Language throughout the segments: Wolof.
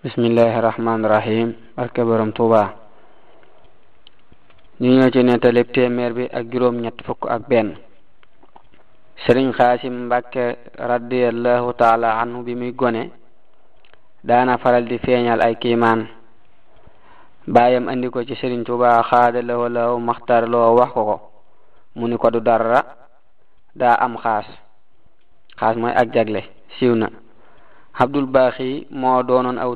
bismillahi rahmaani rahim barke Tuuba ñu ñëw ci nettali téeméer bi ak juróom ñett fukk ak benn sëriñ xaasim mbàkke radiallahu taala anhu bi muy gone daana faral di feeñal ay kiimaan baayam andi ko ci sëriñ Tuuba xaada lawo law maxtar loo wax ko ko mu ni ko du dara daa am xaas xaas mooy ak jagle siiw na abdul baaxi moo doonoon aw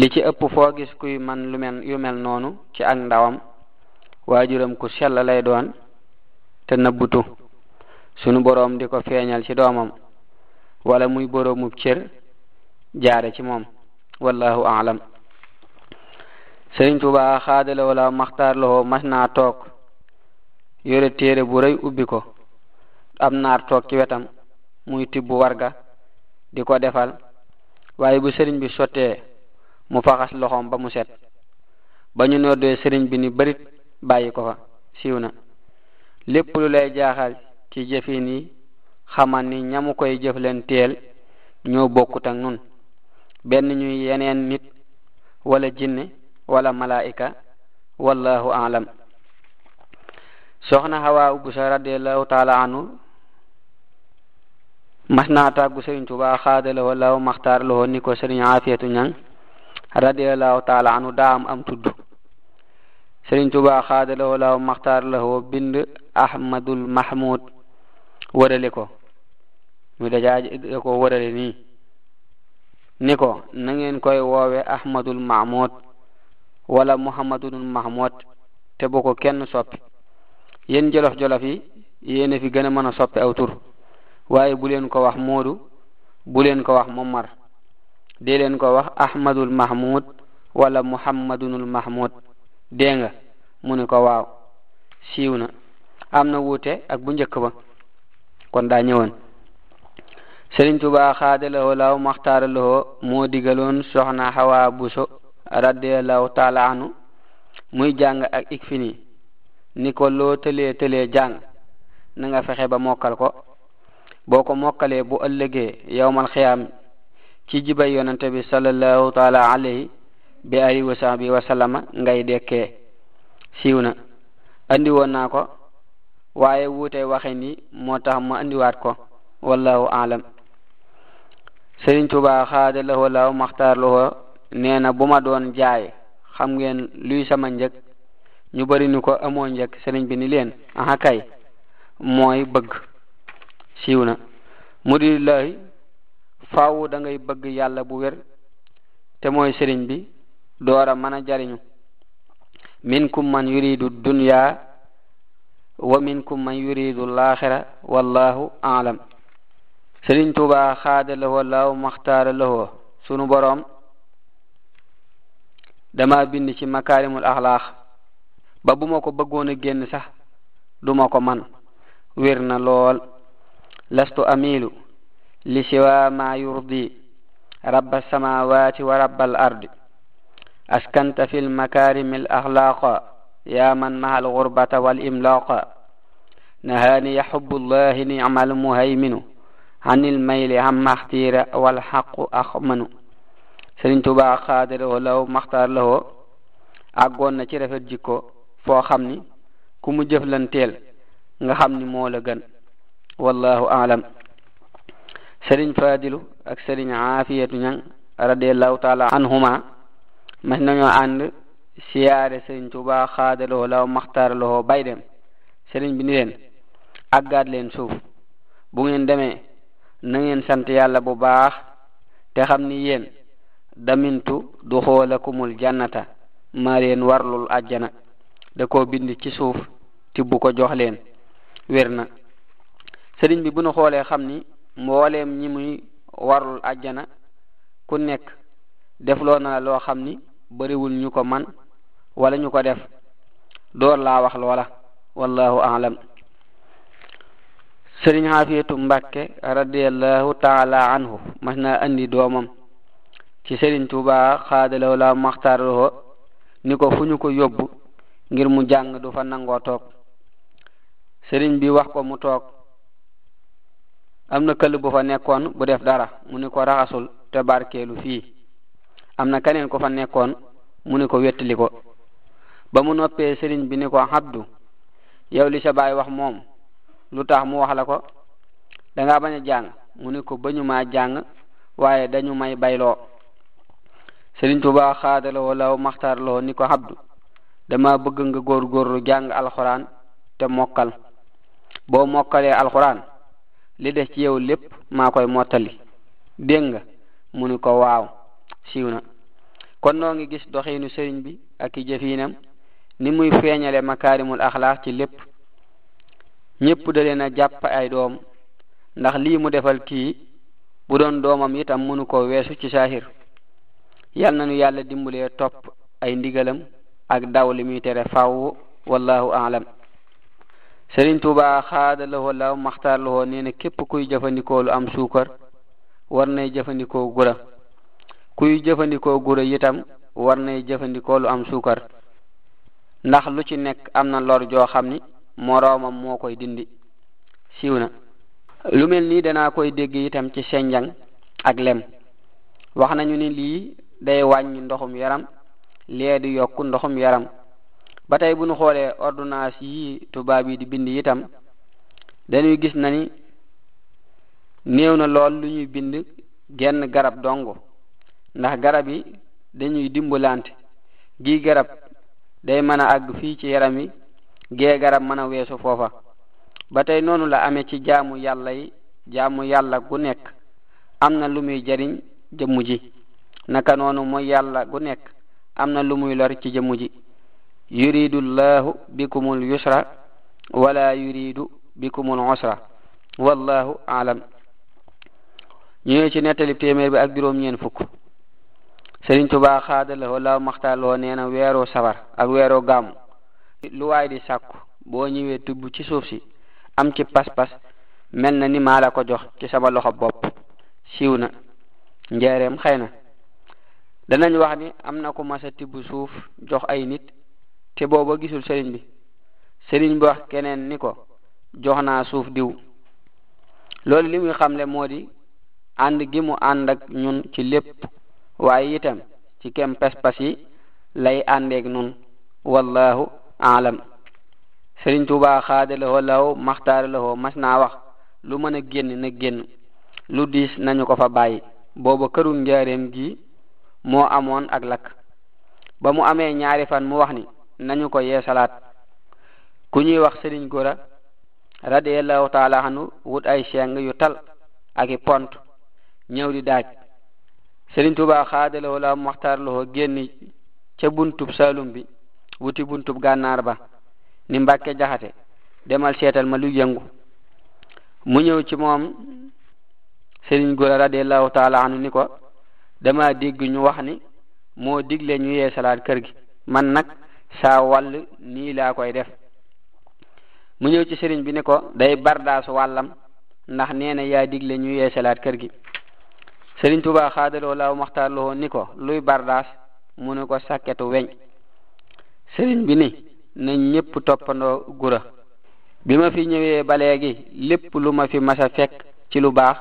li ci ëpp foo kuy man lu mel yu noonu ci ak ndawam waajuram ku sell lay doon te nëbbutu sunu boroom di ko feeñal ci doomam wala muy boroomub cër jaare ci moom wallahu aalam sëriñ Tuubaa xaadala wala maxtaar loxo mas naa toog yore téere bu rëy ubbi ko am naar toog ci wetam muy tibb warga di ko defal waaye bu sëriñ bi sottee mu faxas loxoom ba mu set ba ñu noddee sëriñ bi ni bërit bàyyi ko fa siiw na lépp lu lay jaaxal ci jëfin yi xamal ni ñamu koy jëf leen teel ñoo bokkut ak nun benn ñuy yeneen nit wala jinne wala malaika wallahu alam soxna xawaa bu sa radiallahu taala anhu mas naa tàggu sëriñ Tuubaa xaadalawoo law maxtaar lawoo ni ko sëriñ Aafiyatu Ñaŋ radiallahu taala anu daam am tudd sëriñ Tuubaa xaadalawoo law maxtaar lawoo bind Ahmadul Mahmud wërale ko mu dajaa ko wërale ni ko na ngeen koy woowe Ahmadul Mahmud wala Muhammadul Mahmud te bu ko kenn soppi yéen jolof jolof yi fi gën a mën a soppi aw tur waaye bu leen ko wax moodu bu leen ko wax momar dee leen ko wax ahmadul mahmud wala muhammadunul mahmud dee nga mu ne ko waaw siiw na am na wuute ak bu njëkk ba kon daa ñëwoon sëriñ tuba xaadalahoo law maxtaaralahoo moo digaloon soxna xawa buso radiallahu taala anu muy jàng ak ik ni ko loo tëlee tëlee jàng na nga fexe ba mokkal ko boo ko mokkalee bu ëllëgee yawmal xiyaam ci jibay yonente bi sallallahu taala alayhi bi alihi wa sahbi wa ngay dekkee siiw na andi woon naa ko waaye wuute waxe ni moo tax ma andiwaat ko wallahu alam Sëriñ Tuubaa xaada lahoo laaw maxtaar lahoo nee na bu ma doon jaay xam ngeen luy sama njëg ñu bari nu ko amoo njëg sëriñ bi ni leen aha mooy bëgg siwna na faawu da ngay bëgg yàlla bu wér te mooy sëriñ bi door a mën a jariñu minkum man yuridu dunya wa minkum man yuridu laaxira wallahu aalam sëriñ tuba xaada lahoo laaw maxtaara lahoo sunu boroom dama bind ci makarimul axlaax ba bu ma ko bëggoon a génn sax duma ko man wér na lool لست أميل لسوى ما يرضي رب السماوات ورب الأرض أسكنت في المكارم الأخلاق يا من مع الغربة والإملاق نهاني حب الله نعم المهيمن عن الميل عما اختير والحق أخمن سرين Tuubaa قادر ولو مختار له àggoon na في الجيكو jikko كم xam ni ku mu jëflanteel wallahu aalam sëriñ fadilu ak sëriñ aafiyatu ñang radiallahu taala anhuma mas nañoo ànd siyaare sëriñ tuba xaadaloo law maxtaaraloo bay dem sëriñ bi ni leen leen suuf bu ngeen demee na ngeen sant yàlla bu baax te xam ni yéen damintu du xoolakumul jannata maa leen warlul ajjana da ko bind ci suuf tibbu ko jox leen wér na sëriñ bi bu nu xoolee xam ni mbooleem ñi muy warul ajjana ku nekk defloo na la loo xam ni bariwul ñu ko man walla ñu ko def door la wax loola wallahu alam sëriñ xaafiyatu mbàkke radiallahu taala anhu mas na indi doomam ci sëriñ tuuba xaadalaw la maxtaaroo ni ko fu ñu ko yóbbu ngir mu jàng du fa nangoo toog sëriñ bi wax ko mu toog amna na bu fa nekkoon bu def dara mu ni ko raxasul te barkeelu fii amna na keneen ko fa nekkoon mu ni ko wettali ba mu noppee sëriñ bi ni ko habdu yow li sa baay wax moom lu tax mu wax la ko da nga bañ a jàng mu ni ko bañu maa jàng waaye dañu may bayloo sëriñ tuba xaadaloo law maxtaarloo ni ko habdu dama bëgg nga góorgóorlu jàng alxuraan te mokkal boo mokkalee alxuraan li des ci yow lépp maa koy mottali dégg nga mu ni ko waaw siiw na kon noo ngi gis doxiinu sëriñ bi ak i jëfiinam ni muy feeñale makaarimul axlaax ci lépp ñépp dale na jàpp ay doom ndax lii mu defal kii bu doon doomam itam mënu ko weesu ci saahir yal na nu yàlla dimbalee topp ay ndigalam ak daw li tere fàww wallahu aalam Sëriñ Tuuba xaada la woo la woo nee képp kuy jëfandikoo lu am suukar warnay jëfandikoo gura kuy jëfandikoo gura yitam war nay jëfandikoo lu am suukar ndax lu ci nekk am na lor joo xam ni moroomam moo koy dindi siiw na lu mel nii danaa koy dégg itam ci senjang ak lem wax nañu ni lii day wàññi ndoxum yaram lee di yokk ndoxum yaram ba tey bu ñu xoolee ordonnance yi tubaab yi di bind itam dañuy gis na ni néew na lool lu ñuy bind genn garab dongo ndax garab yi dañuy dimbulante gii garab day mën a àgg fii ci yaram yi gee garab mën a weesu foofa ba tey noonu la amee ci jaamu yàlla yi jaamu yàlla gu nekk am na lu muy jariñ jëmm ji naka noonu mooy yàlla gu nekk am na lu muy lor ci jëmm ji yuridu llahu bikumul yusra wala yuridu bikumul usra wallahu alam ñëwee ci nettali téeméer bi ak juróom ñeen fukk Sëriñ Tuubaa xaadalawoo law maxtaaloo nee na weeru safar ak weeru gàmmu lu waay di sàkku boo ñëwee tubb ci suuf si am ci pas-pas mel na ni maa ko jox ci sama loxo bopp siiw na njeereem xëy na danañ wax ni am na ku mas tibb suuf jox ay nit te booba gisul sëriñ bi sëriñ bi wax keneen ni ko jox naa suuf diw loolu li muy xamle moo di ànd gi mu ànd ak ñun ci lépp waaye itam ci kem pas-pas yi lay àndeeg nun wallahu alam sëriñ Tuubaa xaadalawoo law maxtaaralawoo mas naa wax lu mën a génn na génn lu diis nañu ko fa bàyyi booba këru njaareem gi moo amoon ak lakk ba mu amee ñaari fan mu wax ni nañu ko yeesalaat ku ñuy wax sëriñ góora radiallahu taala anu wut ay cheng yu tal ak i pont ñëw di daaj sëriñ tuba wala la moxtaarlowoo génn ca buntub salum bi wuti buntub gànnaar ba ni mbàkke jaxate demal seetal ma lu yëngu mu ñëw ci moom sëriñ góora radiallahu taala anu ni ko dama dégg ñu wax ni moo digle ñu yeesalaat kër gi man nag saa wàll nii laa koy def mu ñëw ci sëriñ bi ni ko day bardaasu wàllam ndax nee na yaa digle ñu yeesalaat kër gi sëriñ Tuubaa xaadaloo laaw maxtaar loo ni ko luy bardaas mu ne ko sàkketu weñ sëriñ bi ni na ñépp toppandoo gura bi ma fi ñëwee ba léegi lépp lu ma fi masa fekk ci lu baax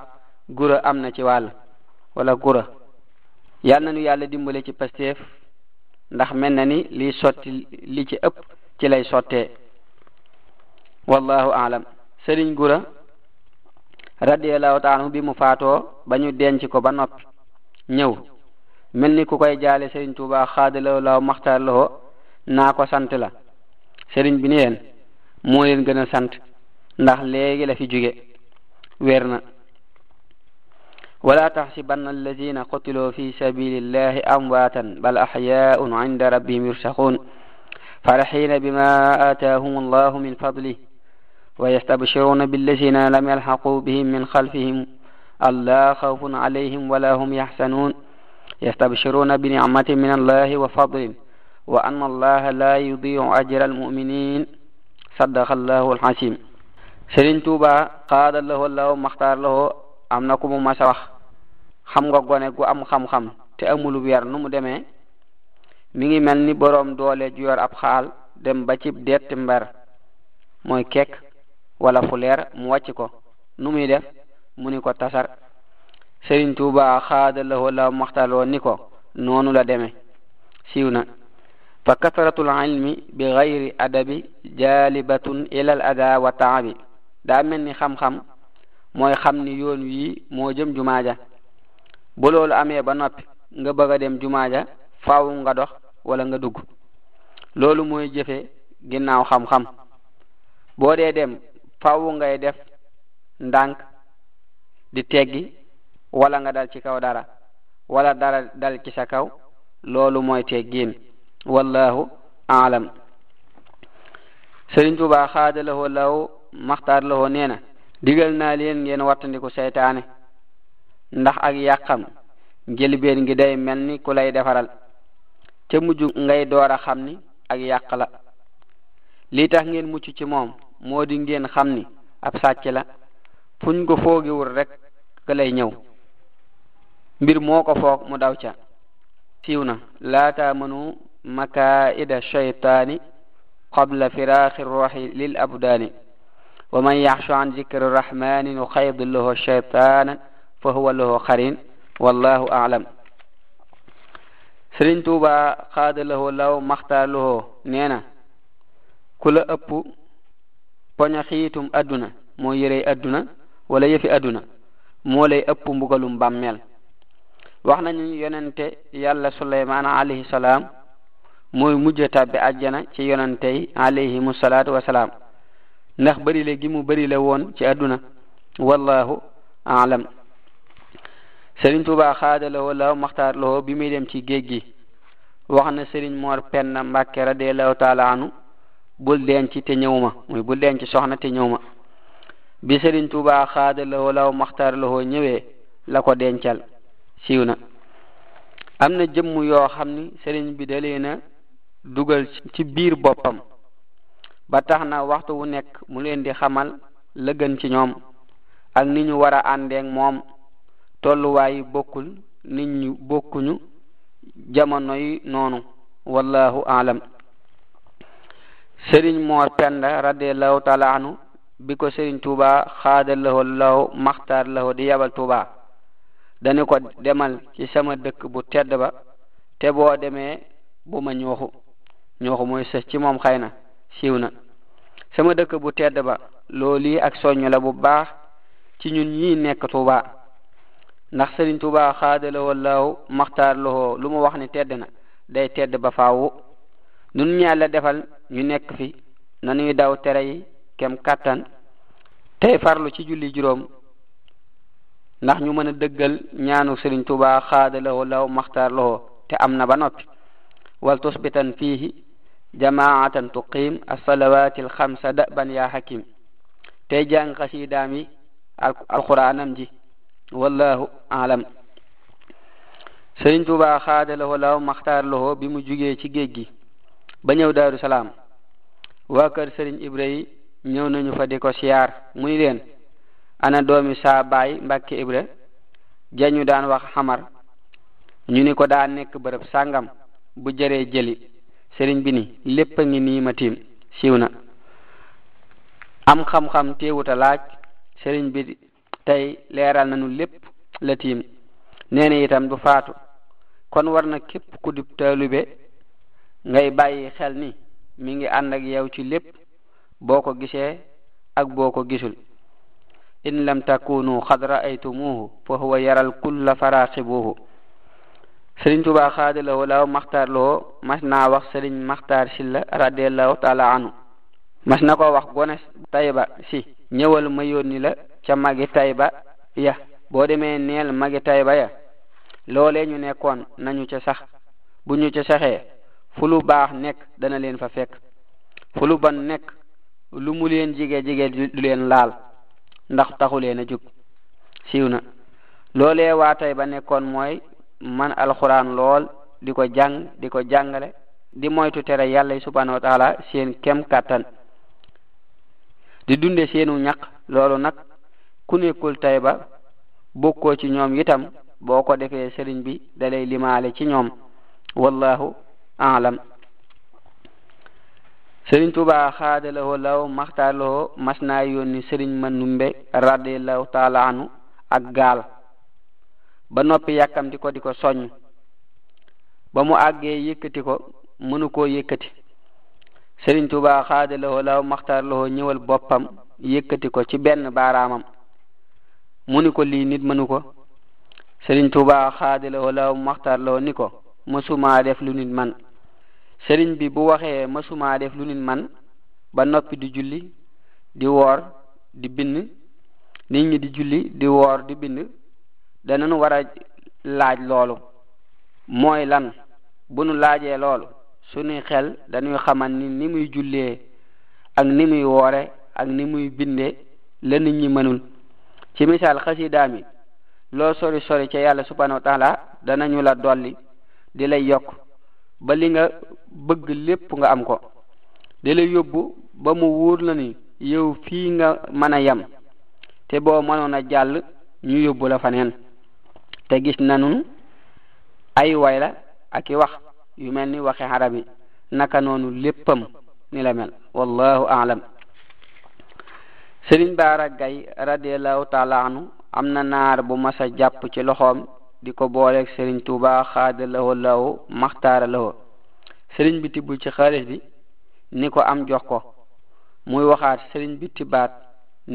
gura am na ci wàll walla gura yàlla na nu yàlla dimbale ci pasteef ndax mel na ni liy sotti li ci ëpp ci lay sottee wallahu alam sëriñ gura radiallahu taala anhu bi mu faatoo ba ñu denc ko ba nopp ñëw mel ni ku koy jaale sëriñ tuuba xaadalaw law maxtaar lawoo naa ko sant la sëriñ bi ni leen moo leen gën a sant ndax léegi la fi jóge weer na ولا تحسبن الذين قتلوا في سبيل الله أمواتا بل أحياء عند ربهم يرشقون فرحين بما آتاهم الله من فضله ويستبشرون بالذين لم يلحقوا بهم من خلفهم ألا خوف عليهم ولا هم يحسنون يستبشرون بنعمة من الله وفضل وأن الله لا يضيع أجر المؤمنين صدق الله الحكيم سرين توبا قاد الله الله مختار له أمنكم مسرح xam nga gone gu am xam-xam te amulub yar nu mu demee mu ngi mel ni boroom doole ju yor ab xaal dem ba ci detti mber mooy kekk wala fu leer mu wàcc ko nu muy def mu ni ko tasar Sëriñ Tuuba xaada lahoo la maxtaloo ni ko noonu la deme siiw na fa kasratul ilmi bi gayri adabi jalibatun ilal ada wa taabi daa mel ni xam-xam mooy xam ni yoon wii moo jëm jumaaja bu loolu amee ba noppi nga bëgg a dem jumaaja faaw nga dox wala nga dugg loolu mooy jëfe ginnaaw xam-xam boo dee dem faaw ngay def ndànk di teggi wala nga dal ci kaw dara wala dara dal ci sa kaw loolu mooy teggiin wallahu aalam Sëriñ Tuubaa xaadalawoo law maxtaar lawoo nee na digal naa leen ngeen wattandiku seytaane ndax ak yàqam njëlbéen ngi day mel ni ku lay defaral te mujj ngay door a xam ni ak yàq la li tax ngeen mucc ci moom moo di ngeen xam ni ab sàcc la fuñ ko foogiwul rek ka lay ñëw mbir moo ko foog mu daw ca siiw na laa taamanu makaida shaytaani qabla firaaxi ruuxi lil abdaani wa man yaxshu an zikri rahmani nuxayd lahu shaytaanan فهو له قرين والله أعلم Sëriñ Tuuba xaadalahoo law maxtaalahoo nee na ku la ëpp poña xiitum adduna moo yërey adduna wala yëfi adduna moo lay ëpp mbugalum bàmmeel wax nañu yonente yàlla suleymaan alayhi salaam mooy mujj tàbbi ajjana ci yonente yi alayhimu salaatu wasalaam ndax bërile gi mu bërile woon ci adduna wallahu aalam Sëriñ Tuubaa xaada la law maxtaar la bi muy dem ci géej gi wax na Sëriñ Moor Penn Mbàkke radiyallahu taala anu bul denc te ñëwma muy bul denc soxna te ñëwma bi Sëriñ Tuubaa xaada la law maxtaar la ñëwee la ko dencal siiw na am na jëmm yoo xam ni sëriñ bi da leen dugal ci biir boppam ba tax na waxtu wu nekk mu leen di xamal lëgën ci ñoom ak ni ñu war a àndeek moom tolluwaay yi bokkul nit ñu bokkuñu jamono yi noonu wallahu alam sëriñ moor penda radiallahu taala anhu bi ko sëriñ tuuba xaada laho law maxtaar laho di yabal tuuba dañu ko demal ci sama dëkk bu tedd ba te boo demee bu ma ñooxu ñooxu mooy sës ci moom xëy na siiw na sama dëkk bu tedd ba loolu ak soññ la bu baax ci ñun ñi nekk tuuba ndax Serigne Touba xaadala wallahu makhtar loxo lu mu wax ni tedd na day tedd ba faawu nun ñàlla defal ñu nekk fi nanuy daw tere yi kem katan tay farlu ci julli juroom ndax ñu mëna deggal ñaanu Serigne Touba xaadala wallahu makhtar loxo te am na ba noppi wal tusbitan fihi jamaatan tuqim al-khamsa daban ya hakim tay jang xasidaam yi quranam ji wallahu alam Sëriñ Tuubaa xaada loxo law maxtaar loxo bi mu jógee ci géej gi ba ñëw Daaru Salaam waa kër Sëriñ Ibra yi ñëw nañu fa di ko siyaar muy leen ana doomi saa baay Mbàkke Ibra ñu daan wax xamar ñu ni ko daa nekk bërëb sàngam bu jëree jëli sëriñ bi ni lépp a ngi nii ma tiim siiw na am xam-xam teewut a laaj sëriñ bi tey leeral nañu lépp la tiim nee itam du faatu kon war na képp ku dib taalube ngay bàyyi xel ni mi ngi ànd ak yow ci lépp boo ko gisee ak boo ko gisul in lam takunu xad raaytumuhu fa huwa yaral kulla faraqibuhu sëriñ Tuubaa xaadalawoo laaw maxtaar loo mas naa wax sëriñ maxtaar silla radiallahu taala anhu mas na ko wax gones tayba si ñëwal ma yónni la ca magi tayba ya boo demee neel magi tayba ya loolee ñu nekkoon nañu ca sax bu ñu ca iya. nekk dana leen fa fekk fu ban nekk lu mu leen jige jige du leen laal ndax taxu leen a jug siiw na loolee waa tey ba man alxuraan lool di ko di ko jàngale di moytu tere yàlla subhanahu wa taala seen kem katan di dunde seenu ñaq loolu ku nekkul Tayba bokkoo ci ñoom itam boo ko defee sëriñ bi dalay limaale ci ñoom wallahu alam sëriñ Tuubaa xaadalawoo law maxtaarlawoo mas naa yónni sëriñ Mandumbe radiallahu taala anu ak gaal ba noppi yàkkamti ko di ko soññ ba mu àggee yëkkati ko mënu koo yëkkati sëriñ Tuubaa xaadalawoo law maxtaarlawoo ñëwal boppam yëkkati ko ci benn baaraamam mu ni ko lii nit mënu ko sëriñ tuuba xaadalawoo law maxtaar lawoo ni ko mësumaa def lu nit man sëriñ bi bu waxee mësumaa def lu nit man ba noppi di julli di woor di bind nit ñi di julli di woor di bind danañ war a laaj loolu mooy lan bu nu laajee loolu xel dañuy xamal ni ni muy jullee ak ni muy woore ak ni muy binde la nit ñi mënul ci misaal xasidaa mi loo sori sori ca yàlla subhanahu wa dana ñu la dolli di lay yokk ba li nga bëgg lépp nga am ko di lay yóbbu ba mu wóor la ni yow fii nga mën a yem te boo mënoon a jàll ñu yóbbu la faneen te gis nañu ay wayla la ak i wax yu mel ni waxe arab yi naka noonu léppam ni la mel wallahu aalam sëriñ baara gay radiallahu taala am na naar bu masa jàpp ci loxoom di ko booleeg sëriñ tuuba xaada lawo lawo maxtaara lawo sëriñ bi tibb ci xaalis bi ni ko am jox ko muy waxaat sëriñ bi tibbaat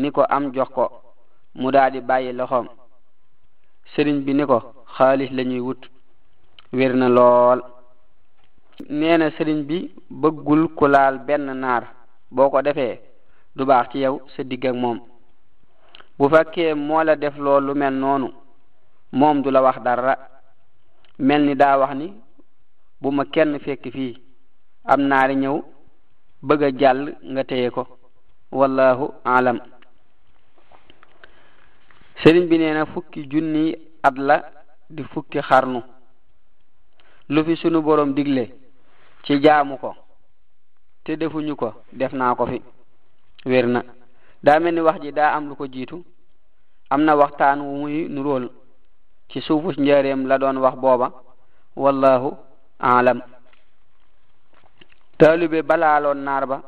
ni ko am jox ko mu daldi bàyyi loxoom sëriñ bi ni ko xaalis lañuy wut wér na lool nee sëriñ bi bëggul ku laal benn naar boo ko defee du baax ci yow sa digg moom bu fakkee moo la def loolu mel noonu moom du la wax dara mel ni daa wax ni bu ma kenn fekk fii am naari ñëw bëgg a jàll nga téye ko wallahu alam sëriñ bi nee na fukki junni at la di fukki xarnu lu fi sunu borom digle ci jaamu ko te defuñu ko def naa ko fi wér na daa mel ni wax ji daa am lu ko jiitu am na waxtaan wu muy nurool ci suufu njaareem la doon wax booba wallahu alam taalibe balaaloon naar ba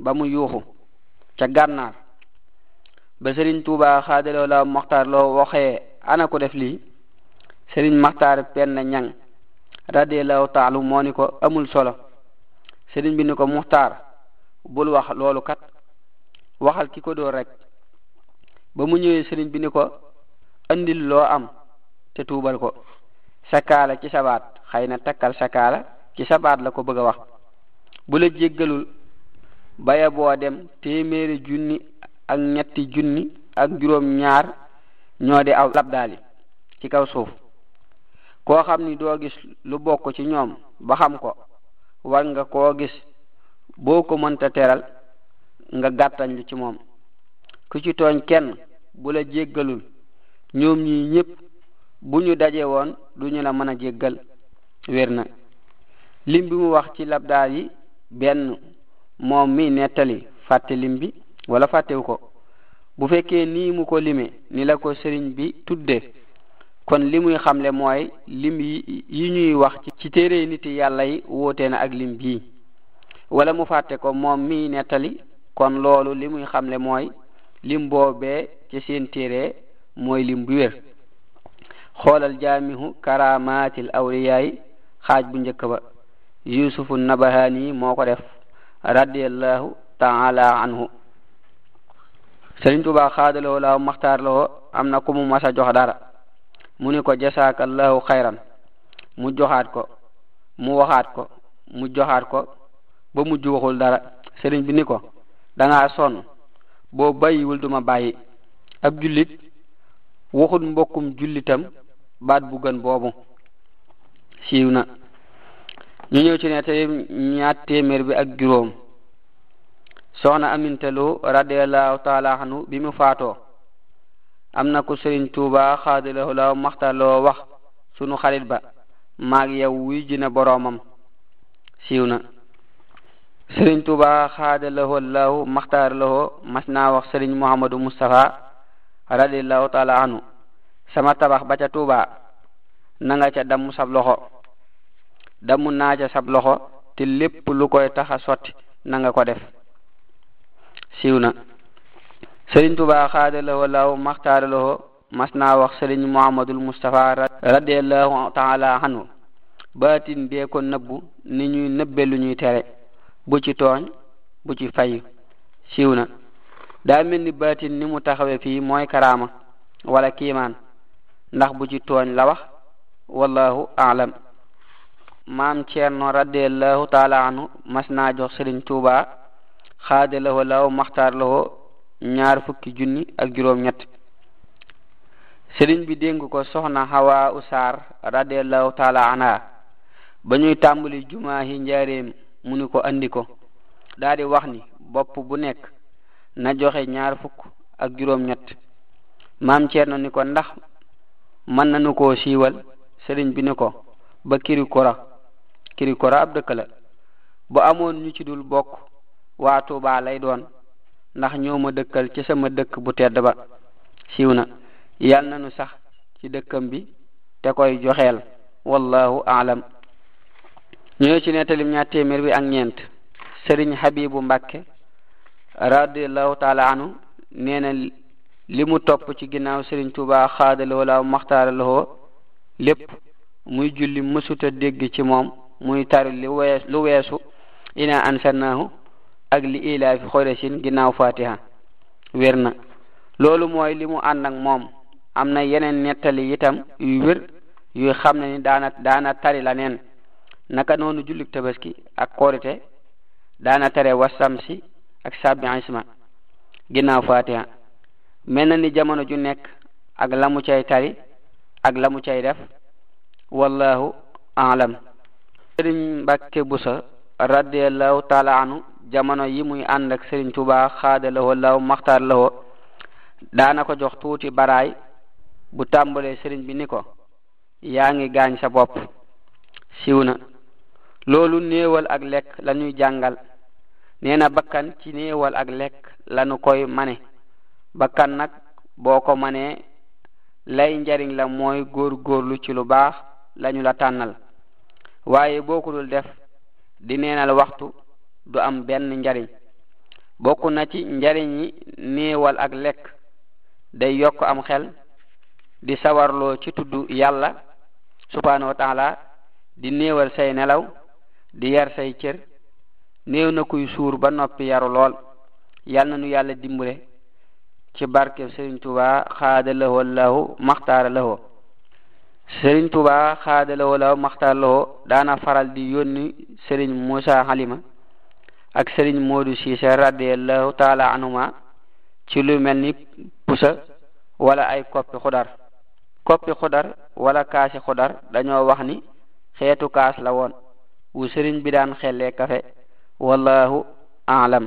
ba mu yuuxu ca gànnaar ba sëriñ tuuba xaadaloo la maxtaar loo waxee ana def lii sëriñ maxtaar penn ñang radiallahu taalu moo ni ko amul solo sëriñ bi ni ko muxtaar bul wax loolu kat waxal ki ko door rekk ba mu ñëwee sëriñ bi ni ko andil loo am te tuubal ko sakaala ci sabaat xëy na takkal sakaala ci sabaat la ko bëgg a wax bu la jéggalul baya boo dem téeméeri junni ak ñetti junni ak juróom ñaar ñoo di aw labdaali ci kaw suuf koo xam ni doo gis lu bokk ci ñoom ba xam ko war nga koo gis boo ko mënta teral nga gàttañ lu ci moom ku ci tooñ kenn bu la jéggalul ñoom ñi ñépp bu ñu daje woon du ñu la mën a jéggal wér na lim bi mu wax ci labdaar yi benn moom mi nettali fàtte lim bi wala fàttewu ko bu fekkee nii mu ko lime ni la ko sëriñ bi tudde kon li muy xamle mooy lim yi ñuy wax ci téere nit yàlla yi woote na ak lim bii wala mu fàtte ko moom mi nettali kon loolu li muy xamle mooy lim boobee ci seen téere mooy lim bu wér xoolal jaamihu karamaatil awliyaay xaaj bu njëkk ba yusufu nabahaani moo ko def radiallahu taala anhu sëriñ tubaa xaadaloo laaw maxtaar loo am na ku mu masa jox dara mu ni ko jasaakallahu xayran mu joxaat ko mu waxaat ko mu joxaat ko ba mujj waxul dara sëriñ bi ni ko dangaa sonn boo bàyyiwul duma bàyyi ak jullit waxut mbokkum jullitam baat bu gën boobu siiw na ñu ñëw ci nettali ñaar téeméer bi ak juróom soxna Aminta Lo radiallahu taala bi mu faatoo am na ko Sëriñ Tuuba xaadilahu law maxtaloo wax sunu xarit ba maag yow wuy ji na boroomam siiw na sëriñ tuuba xaada lahoo lahu maxtaar mas naa wax sëriñ muhammadu mustafa radiallahu taala anhu sama tabax ba ca tuuba na nga ca damm sab loxo damm naaja ca sab loxo te lépp lu koy taxa a sotti na nga ko def siiw na sëriñ tuuba xaada lahoo lahu maxtaar mas naa wax sëriñ muhammadul mustafa radiallahu taala anhu baatin bee ko nëbbu ni ñuy nëbbe lu ñuy tere bu ci tooñ bu ci fay siiw na daa mel ni baatin ni mu taxawe fii mooy karaama wala kiimaan ndax bu ci tooñ la wax wallahu aalam maam Ceerno radiallahu taala anhu mas naa jox Sëriñ Tuubaa xaade lawo law maxtaar lawo ñaar fukki junni ak juróom ñett sëriñ bi dénk ko soxna Hawa Usaar radiallahu taala anha ba ñuy tàmbali jumaa yi njaareem mu ni ko andi ko daa wax ni bopp bu nekk na joxe ñaar fukk ak juróom ñett maam Ceerno ni ko ndax mën nañu ko siiwal sëriñ bi ni ko ba kirikora kirikora ab dëkk la bu amoon ñu ci dul bokk waa Tuubaa lay doon ndax ñoo ma dëkkal ci sama dëkk bu tedd ba siiw na yal nañu sax ci dëkkam bi te koy joxeel wallahu aalam ñëw ci nettali ñaar téeméer bi ak ñeent sëriñ Habibu Mbàkke radiallahu taala anhu nee na li mu topp ci ginnaaw sëriñ Tuubaa xaadaloo laaw maxtaaraloo lépp muy julli mësuta dégg ci moom muy tari li lu weesu ina ansarnaahu ak li ilaafi xorasine ginnaaw fatiha wér na loolu mooy li mu moom am na yeneen nettali itam yu yuy xam ne ni daana tari la neen naka noonu jullik tabaski ak korite daana tere wasamsi ak sabbi isma ginnaaw fatiha mel na ni jamono ju nekk ak lamu cay tari ak lamu cay def wallahu alam sëriñ Mbàkke Buso radiallahu taala jamono yi muy ànd ak sëriñ Tuubaa xaada lahoo law maxtaar lahoo daana ko jox tuuti baraay bu tàmbalee sëriñ bi ni ko yaa ngi gaañ sa bopp siw loolu néewal ak lekk la jàngal nee na bakkan ci néewal ak lekk lanu koy mane bakkan nag boo ko manee lay njariñ la mooy góor góorlu ci lu baax lañu la tànnal waaye boo ko dul def di neenal waxtu du am benn njariñ bokk na ci njariñ yi néewal ak lekk day yokk am xel di sawarloo ci tudd yàlla subhanahu wa di néewal say nelaw di yar say cër néew na kuy suur ba noppi yaru lool yal na nu yàlla dimbale ci barkeb sëriñ tuba xaada lahoo lahu maxtaara lahoo sëriñ tuba xaada lahoo lahu maxtaara lahoo daana faral di yónni sëriñ Moussa Halima ak sëriñ Modou Cissé radiallahu taala anhuma ci lu mel ni pusa wala ay koppi xudar koppi xudar wala kaasi xudar dañoo wax ni xeetu kaas la woon wu sëriñ bi daan xellee kafe wallahu aalam